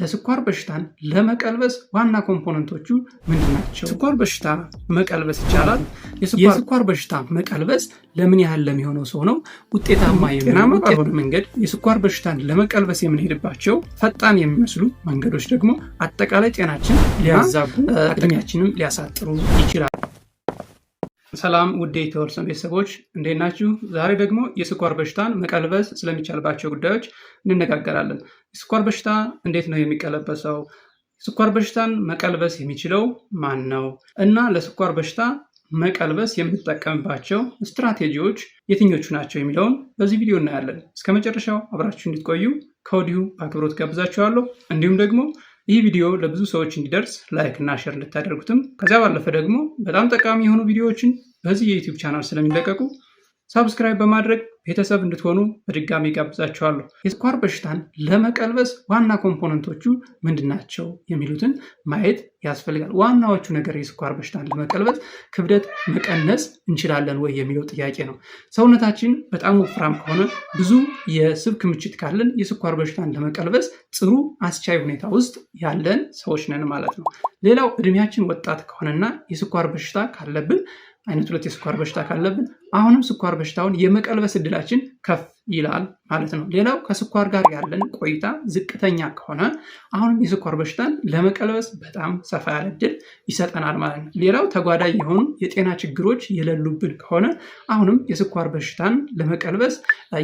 ለስኳር በሽታን ለመቀልበስ ዋና ኮምፖነንቶቹ ምንድን ናቸው? ስኳር በሽታ መቀልበስ ይቻላል? የስኳር በሽታ መቀልበስ ለምን ያህል ለሚሆነው ሰው ነው ውጤታማ የሆነ መንገድ? የስኳር በሽታን ለመቀልበስ የምንሄድባቸው ፈጣን የሚመስሉ መንገዶች ደግሞ አጠቃላይ ጤናችን ሊያዛቡ፣ እድሜያችንም ሊያሳጥሩ ይችላል። ሰላም ውድ የኢትዮወርስ ቤተሰቦች እንዴት ናችሁ? ዛሬ ደግሞ የስኳር በሽታን መቀልበስ ስለሚቻልባቸው ጉዳዮች እንነጋገራለን። የስኳር በሽታ እንዴት ነው የሚቀለበሰው? ስኳር በሽታን መቀልበስ የሚችለው ማን ነው? እና ለስኳር በሽታ መቀልበስ የምንጠቀምባቸው ስትራቴጂዎች የትኞቹ ናቸው የሚለውን በዚህ ቪዲዮ እናያለን። እስከ መጨረሻው አብራችሁ እንድትቆዩ ከወዲሁ በአክብሮት ጋብዛችኋለሁ። እንዲሁም ደግሞ ይህ ቪዲዮ ለብዙ ሰዎች እንዲደርስ ላይክ እና ሼር እንድታደርጉትም ከዚያ ባለፈ ደግሞ በጣም ጠቃሚ የሆኑ ቪዲዮዎችን በዚህ የዩቲዩብ ቻናል ስለሚለቀቁ ሳብስክራይብ በማድረግ ቤተሰብ እንድትሆኑ በድጋሚ ጋብዛችኋለሁ። የስኳር በሽታን ለመቀልበስ ዋና ኮምፖነንቶቹ ምንድን ናቸው የሚሉትን ማየት ያስፈልጋል። ዋናዎቹ ነገር የስኳር በሽታን ለመቀልበስ ክብደት መቀነስ እንችላለን ወይ የሚለው ጥያቄ ነው። ሰውነታችን በጣም ወፍራም ከሆነ ብዙ የስብ ክምችት ካለን የስኳር በሽታን ለመቀልበስ ጥሩ አስቻይ ሁኔታ ውስጥ ያለን ሰዎች ነን ማለት ነው። ሌላው እድሜያችን ወጣት ከሆነና የስኳር በሽታ ካለብን አይነት ሁለት የስኳር በሽታ ካለብን አሁንም ስኳር በሽታውን የመቀልበስ እድላችን ከፍ ይላል ማለት ነው። ሌላው ከስኳር ጋር ያለን ቆይታ ዝቅተኛ ከሆነ አሁንም የስኳር በሽታን ለመቀልበስ በጣም ሰፋ ያለ እድል ይሰጠናል ማለት ነው። ሌላው ተጓዳኝ የሆኑ የጤና ችግሮች የሌሉብን ከሆነ አሁንም የስኳር በሽታን ለመቀልበስ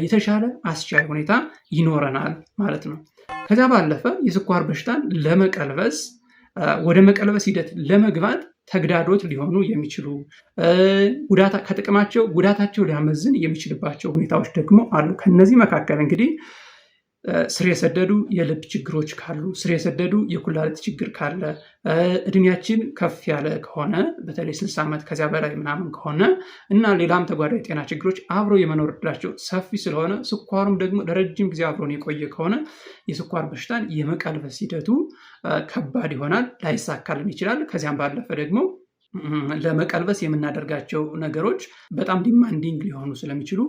የተሻለ አስቻይ ሁኔታ ይኖረናል ማለት ነው። ከዚያ ባለፈ የስኳር በሽታን ለመቀልበስ ወደ መቀልበስ ሂደት ለመግባት ተግዳሮት ሊሆኑ የሚችሉ ከጥቅማቸው ጉዳታቸው ሊያመዝን የሚችልባቸው ሁኔታዎች ደግሞ አሉ። ከነዚህ መካከል እንግዲህ ስር የሰደዱ የልብ ችግሮች ካሉ፣ ስር የሰደዱ የኩላሊት ችግር ካለ፣ እድሜያችን ከፍ ያለ ከሆነ በተለይ ስልሳ ዓመት ከዚያ በላይ ምናምን ከሆነ እና ሌላም ተጓዳኝ የጤና ችግሮች አብሮ የመኖር እድላቸው ሰፊ ስለሆነ ስኳሩም ደግሞ ለረጅም ጊዜ አብሮን የቆየ ከሆነ የስኳር በሽታን የመቀልበስ ሂደቱ ከባድ ይሆናል፣ ላይሳካልን ይችላል። ከዚያም ባለፈ ደግሞ ለመቀልበስ የምናደርጋቸው ነገሮች በጣም ዲማንዲንግ ሊሆኑ ስለሚችሉ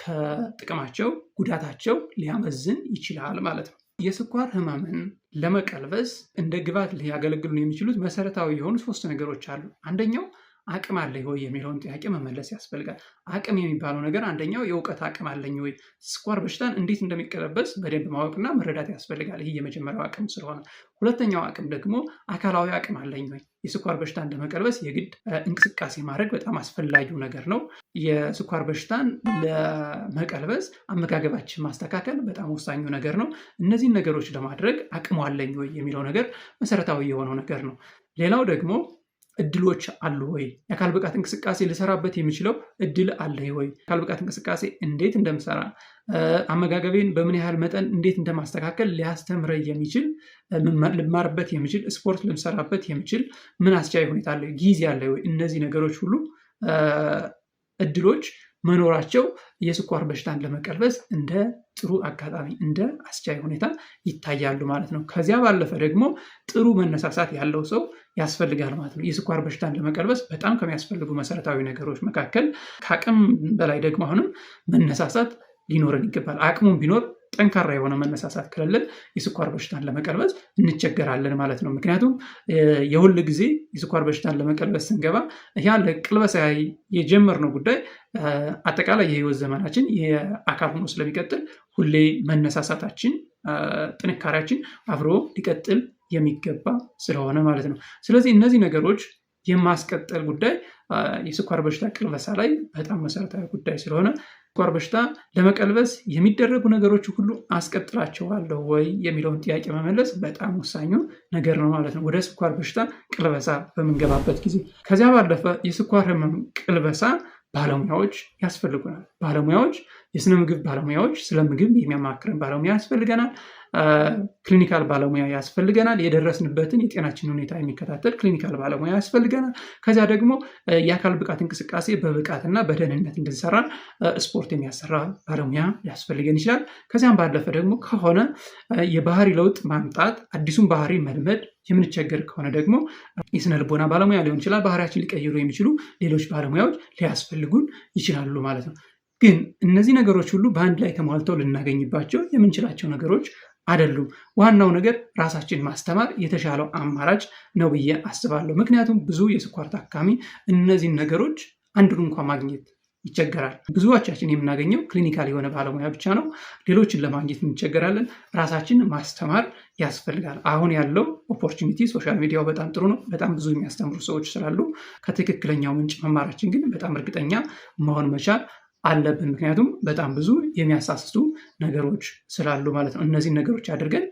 ከጥቅማቸው ጉዳታቸው ሊያመዝን ይችላል ማለት ነው። የስኳር ህመምን ለመቀልበስ እንደ ግብዓት ሊያገለግሉን የሚችሉት መሰረታዊ የሆኑ ሶስት ነገሮች አሉ። አንደኛው አቅም አለኝ ወይ የሚለውን ጥያቄ መመለስ ያስፈልጋል። አቅም የሚባለው ነገር አንደኛው የእውቀት አቅም አለኝ ወይ፣ ስኳር በሽታን እንዴት እንደሚቀለበስ በደንብ ማወቅና መረዳት ያስፈልጋል። ይህ የመጀመሪያው አቅም ስለሆነ፣ ሁለተኛው አቅም ደግሞ አካላዊ አቅም አለኝ ወይ። የስኳር በሽታን ለመቀልበስ የግድ እንቅስቃሴ ማድረግ በጣም አስፈላጊው ነገር ነው። የስኳር በሽታን ለመቀልበስ አመጋገባችን ማስተካከል በጣም ወሳኙ ነገር ነው። እነዚህን ነገሮች ለማድረግ አቅሙ አለኝ ወይ የሚለው ነገር መሰረታዊ የሆነው ነገር ነው። ሌላው ደግሞ እድሎች አሉ ወይ? የአካል ብቃት እንቅስቃሴ ልሰራበት የሚችለው እድል አለ ወይ? የአካል ብቃት እንቅስቃሴ እንዴት እንደምሰራ፣ አመጋገቤን በምን ያህል መጠን እንዴት እንደማስተካከል ሊያስተምረ የሚችል ልማርበት የሚችል ስፖርት ልምሰራበት የሚችል ምን አስቻይ ሁኔታ አለ? ጊዜ አለ ወይ? እነዚህ ነገሮች ሁሉ እድሎች መኖራቸው የስኳር በሽታን ለመቀልበስ እንደ ጥሩ አጋጣሚ እንደ አስቻይ ሁኔታ ይታያሉ ማለት ነው። ከዚያ ባለፈ ደግሞ ጥሩ መነሳሳት ያለው ሰው ያስፈልጋል ማለት ነው። የስኳር በሽታን ለመቀልበስ በጣም ከሚያስፈልጉ መሰረታዊ ነገሮች መካከል ከአቅም በላይ ደግሞ አሁንም መነሳሳት ሊኖረን ይገባል። አቅሙም ቢኖር ጠንካራ የሆነ መነሳሳት ከሌለን የስኳር በሽታን ለመቀልበስ እንቸገራለን ማለት ነው። ምክንያቱም የሁል ጊዜ የስኳር በሽታን ለመቀልበስ ስንገባ ያ ለቅልበሳ የጀመርነው ጉዳይ አጠቃላይ የህይወት ዘመናችን የአካል ሆኖ ስለሚቀጥል ሁሌ መነሳሳታችን፣ ጥንካሬያችን አብሮ ሊቀጥል የሚገባ ስለሆነ ማለት ነው። ስለዚህ እነዚህ ነገሮች የማስቀጠል ጉዳይ የስኳር በሽታ ቅልበሳ ላይ በጣም መሰረታዊ ጉዳይ ስለሆነ ስኳር በሽታ ለመቀልበስ የሚደረጉ ነገሮች ሁሉ አስቀጥላቸዋለሁ ወይ የሚለውን ጥያቄ መመለስ በጣም ወሳኙ ነገር ነው ማለት ነው። ወደ ስኳር በሽታ ቅልበሳ በምንገባበት ጊዜ ከዚያ ባለፈ የስኳር ህመም ቅልበሳ ባለሙያዎች ያስፈልጉናል። ባለሙያዎች የስነ ምግብ ባለሙያዎች ስለ ምግብ የሚያማክረን ባለሙያ ያስፈልገናል። ክሊኒካል ባለሙያ ያስፈልገናል። የደረስንበትን የጤናችን ሁኔታ የሚከታተል ክሊኒካል ባለሙያ ያስፈልገናል። ከዚያ ደግሞ የአካል ብቃት እንቅስቃሴ በብቃትና በደህንነት እንድንሰራ ስፖርት የሚያሰራ ባለሙያ ሊያስፈልገን ይችላል። ከዚያም ባለፈ ደግሞ ከሆነ የባህሪ ለውጥ ማምጣት አዲሱን ባህሪ መልመድ የምንቸገር ከሆነ ደግሞ የስነ ልቦና ባለሙያ ሊሆን ይችላል። ባህሪያችን ሊቀይሩ የሚችሉ ሌሎች ባለሙያዎች ሊያስፈልጉን ይችላሉ ማለት ነው። ግን እነዚህ ነገሮች ሁሉ በአንድ ላይ ተሟልተው ልናገኝባቸው የምንችላቸው ነገሮች አይደሉም። ዋናው ነገር ራሳችን ማስተማር የተሻለው አማራጭ ነው ብዬ አስባለሁ። ምክንያቱም ብዙ የስኳር ታካሚ እነዚህን ነገሮች አንዱን እንኳ ማግኘት ይቸገራል። ብዙዎቻችን የምናገኘው ክሊኒካል የሆነ ባለሙያ ብቻ ነው። ሌሎችን ለማግኘት እንቸገራለን። ራሳችን ማስተማር ያስፈልጋል። አሁን ያለው ኦፖርቹኒቲ ሶሻል ሚዲያው በጣም ጥሩ ነው። በጣም ብዙ የሚያስተምሩ ሰዎች ስላሉ ከትክክለኛው ምንጭ መማራችን ግን በጣም እርግጠኛ መሆን መቻል አለብን። ምክንያቱም በጣም ብዙ የሚያሳስቱ ነገሮች ስላሉ ማለት ነው። እነዚህን ነገሮች አድርገን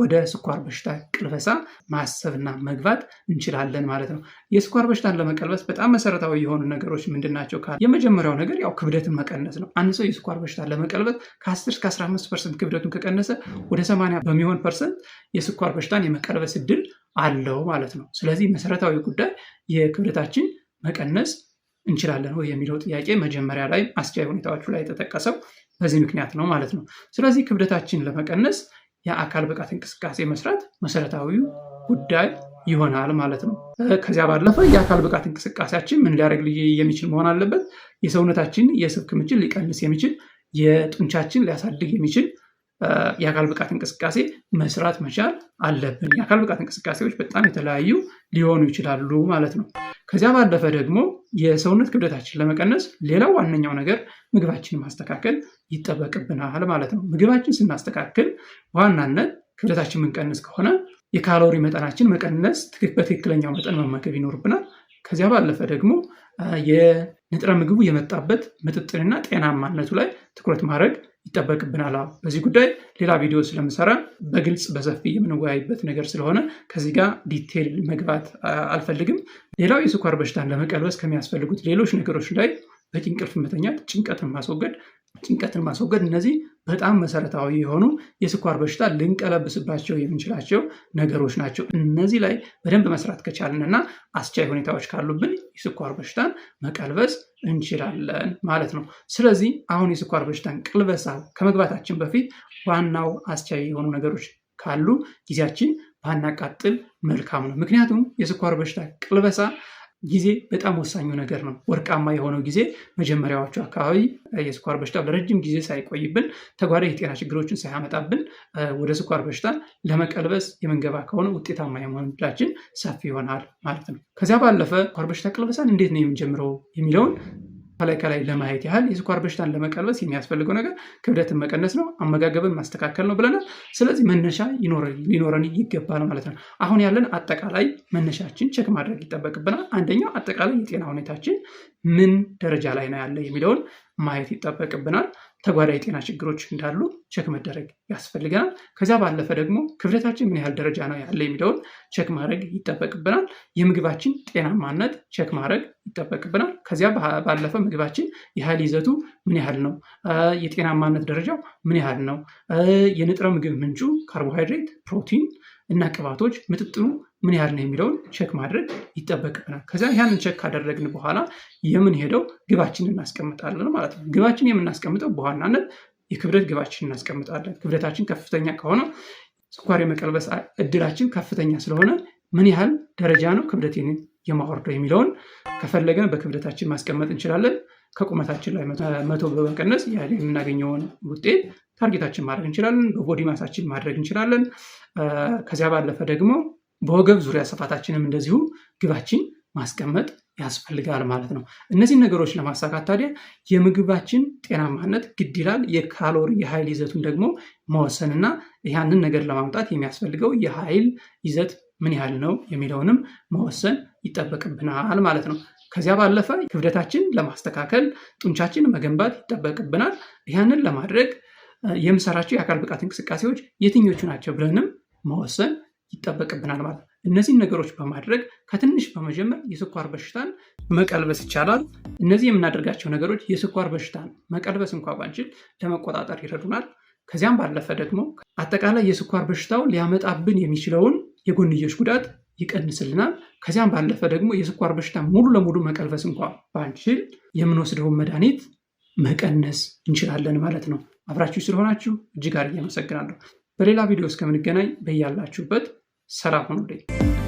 ወደ ስኳር በሽታ ቅልበሳ ማሰብና መግባት እንችላለን ማለት ነው። የስኳር በሽታን ለመቀልበስ በጣም መሰረታዊ የሆኑ ነገሮች ምንድናቸው ካ የመጀመሪያው ነገር ያው ክብደትን መቀነስ ነው። አንድ ሰው የስኳር በሽታን ለመቀልበስ ከ10 እስከ 15 ፐርሰንት ክብደቱን ከቀነሰ ወደ 80 በሚሆን ፐርሰንት የስኳር በሽታን የመቀልበስ እድል አለው ማለት ነው። ስለዚህ መሰረታዊ ጉዳይ የክብደታችን መቀነስ እንችላለን ወይ የሚለው ጥያቄ መጀመሪያ ላይ አስቻይ ሁኔታዎቹ ላይ የተጠቀሰው በዚህ ምክንያት ነው ማለት ነው። ስለዚህ ክብደታችን ለመቀነስ የአካል ብቃት እንቅስቃሴ መስራት መሰረታዊው ጉዳይ ይሆናል ማለት ነው። ከዚያ ባለፈ የአካል ብቃት እንቅስቃሴያችን ምን ሊያደርግ የሚችል መሆን አለበት? የሰውነታችን የስብ ክምችት ሊቀንስ የሚችል የጡንቻችን ሊያሳድግ የሚችል የአካል ብቃት እንቅስቃሴ መስራት መቻል አለብን። የአካል ብቃት እንቅስቃሴዎች በጣም የተለያዩ ሊሆኑ ይችላሉ ማለት ነው። ከዚያ ባለፈ ደግሞ የሰውነት ክብደታችን ለመቀነስ ሌላው ዋነኛው ነገር ምግባችንን ማስተካከል ይጠበቅብናል ማለት ነው። ምግባችን ስናስተካክል ዋናነት ክብደታችን ምንቀንስ ከሆነ የካሎሪ መጠናችን መቀነስ በትክክለኛው መጠን መመገብ ይኖርብናል። ከዚያ ባለፈ ደግሞ የንጥረ ምግቡ የመጣበት ምጥጥንና ጤናማነቱ ላይ ትኩረት ማድረግ ይጠበቅብናል። በዚህ ጉዳይ ሌላ ቪዲዮ ስለምሰራ በግልጽ በሰፊ የምንወያይበት ነገር ስለሆነ ከዚህ ጋር ዲቴል መግባት አልፈልግም። ሌላው የስኳር በሽታን ለመቀልበስ ከሚያስፈልጉት ሌሎች ነገሮች ላይ በቂ እንቅልፍ መተኛት፣ ጭንቀትን ማስወገድ ጭንቀትን ማስወገድ እነዚህ በጣም መሰረታዊ የሆኑ የስኳር በሽታ ልንቀለብስባቸው የምንችላቸው ነገሮች ናቸው። እነዚህ ላይ በደንብ መስራት ከቻልን አስቻይ ሁኔታዎች ካሉብን የስኳር በሽታን መቀልበስ እንችላለን ማለት ነው። ስለዚህ አሁን የስኳር በሽታን ቅልበሳ ከመግባታችን በፊት ዋናው አስቻይ የሆኑ ነገሮች ካሉ ጊዜያችን ባናቃጥል መልካም ነው። ምክንያቱም የስኳር በሽታ ቅልበሳ ጊዜ በጣም ወሳኙ ነገር ነው። ወርቃማ የሆነው ጊዜ መጀመሪያዎቹ አካባቢ የስኳር በሽታ ለረጅም ጊዜ ሳይቆይብን ተጓዳኝ የጤና ችግሮችን ሳያመጣብን ወደ ስኳር በሽታ ለመቀልበስ የመንገባ ከሆነ ውጤታማ የመሆን ሰፊ ይሆናል ማለት ነው። ከዚያ ባለፈ ስኳር በሽታ ቅልበሳን እንዴት ነው የምንጀምረው የሚለውን ከላይ ከላይ ለማየት ያህል የስኳር በሽታን ለመቀልበስ የሚያስፈልገው ነገር ክብደትን መቀነስ ነው፣ አመጋገብን ማስተካከል ነው ብለናል። ስለዚህ መነሻ ሊኖረን ይገባል ማለት ነው። አሁን ያለን አጠቃላይ መነሻችን ቸክ ማድረግ ይጠበቅብናል። አንደኛው አጠቃላይ የጤና ሁኔታችን ምን ደረጃ ላይ ነው ያለ የሚለውን ማየት ይጠበቅብናል። ተጓዳኝ የጤና ችግሮች እንዳሉ ቸክ መደረግ ያስፈልገናል። ከዚያ ባለፈ ደግሞ ክብደታችን ምን ያህል ደረጃ ነው ያለ የሚለውን ቸክ ማድረግ ይጠበቅብናል። የምግባችን ጤናማነት ቸክ ማድረግ ይጠበቅብናል። ከዚያ ባለፈ ምግባችን የኃይል ይዘቱ ምን ያህል ነው፣ የጤናማነት ደረጃው ምን ያህል ነው፣ የንጥረ ምግብ ምንጩ ካርቦሃይድሬት፣ ፕሮቲን እና ቅባቶች ምጥጥኑ ምን ያህል ነው የሚለውን ቸክ ማድረግ ይጠበቅብናል። ከዚያ ያንን ቸክ ካደረግን በኋላ የምንሄደው ግባችንን እናስቀምጣለን ማለት ነው። ግባችን የምናስቀምጠው በዋናነት የክብደት ግባችን እናስቀምጣለን። ክብደታችን ከፍተኛ ከሆነ ስኳር የመቀልበስ እድላችን ከፍተኛ ስለሆነ ምን ያህል ደረጃ ነው ክብደቴን የማወርደው የሚለውን ከፈለገን በክብደታችን ማስቀመጥ እንችላለን። ከቁመታችን ላይ መቶ በመቀነስ የምናገኘውን ውጤት ታርጌታችን ማድረግ እንችላለን። በቦዲ ማሳችን ማድረግ እንችላለን። ከዚያ ባለፈ ደግሞ በወገብ ዙሪያ ስፋታችንም እንደዚሁ ግባችን ማስቀመጥ ያስፈልጋል ማለት ነው። እነዚህን ነገሮች ለማሳካት ታዲያ የምግባችን ጤናማነት ግድ ይላል። የካሎሪ የኃይል ይዘቱን ደግሞ መወሰንና ያንን ነገር ለማምጣት የሚያስፈልገው የኃይል ይዘት ምን ያህል ነው የሚለውንም መወሰን ይጠበቅብናል ማለት ነው። ከዚያ ባለፈ ክብደታችን ለማስተካከል ጡንቻችን መገንባት ይጠበቅብናል። ያንን ለማድረግ የምሰራቸው የአካል ብቃት እንቅስቃሴዎች የትኞቹ ናቸው ብለንም መወሰን ይጠበቅብናል ማለት ነው። እነዚህን ነገሮች በማድረግ ከትንሽ በመጀመር የስኳር በሽታን መቀልበስ ይቻላል። እነዚህ የምናደርጋቸው ነገሮች የስኳር በሽታን መቀልበስ እንኳ ባንችል ለመቆጣጠር ይረዱናል። ከዚያም ባለፈ ደግሞ አጠቃላይ የስኳር በሽታው ሊያመጣብን የሚችለውን የጎንዮሽ ጉዳት ይቀንስልናል። ከዚያም ባለፈ ደግሞ የስኳር በሽታ ሙሉ ለሙሉ መቀልበስ እንኳ ባንችል የምንወስደውን መድኃኒት መቀነስ እንችላለን ማለት ነው። አብራችሁ ስለሆናችሁ እጅግ አድርጌ አመሰግናለሁ። በሌላ ቪዲዮ እስከምንገናኝ በያላችሁበት ሰላም ሁኑልኝ።